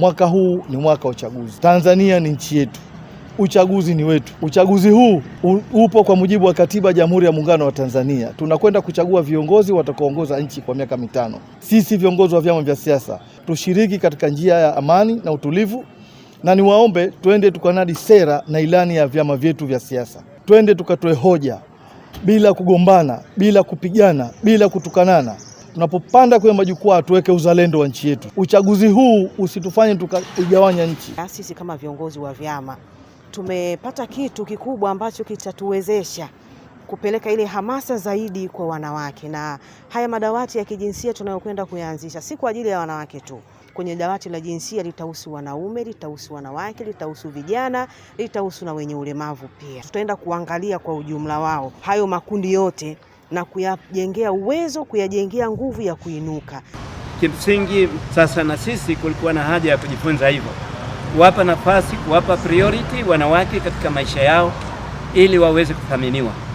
mwaka huu ni mwaka wa uchaguzi. Tanzania ni nchi yetu, uchaguzi ni wetu. Uchaguzi huu upo kwa mujibu wa katiba ya Jamhuri ya Muungano wa Tanzania. Tunakwenda kuchagua viongozi watakaoongoza nchi kwa miaka mitano. Sisi viongozi wa vyama vya siasa tushiriki katika njia ya amani na utulivu, na niwaombe twende tukanadi sera na ilani ya vyama vyetu vya siasa, twende tukatoe hoja bila kugombana, bila kupigana, bila kutukanana tunapopanda kwenye majukwaa tuweke uzalendo wa nchi yetu. Uchaguzi huu usitufanye tukaigawanya nchi. Sisi kama viongozi wa vyama tumepata kitu kikubwa ambacho kitatuwezesha kupeleka ile hamasa zaidi kwa wanawake, na haya madawati ya kijinsia tunayokwenda kuyaanzisha si kwa ajili ya wanawake tu. Kwenye dawati la jinsia litahusu wanaume, litahusu wanawake, litahusu vijana, litahusu na wenye ulemavu pia. Tutaenda kuangalia kwa ujumla wao hayo makundi yote na kuyajengea uwezo, kuyajengea nguvu ya kuinuka. Kimsingi sasa na sisi kulikuwa na haja ya kujifunza hivyo, kuwapa nafasi, kuwapa priority wanawake katika maisha yao ili waweze kuthaminiwa.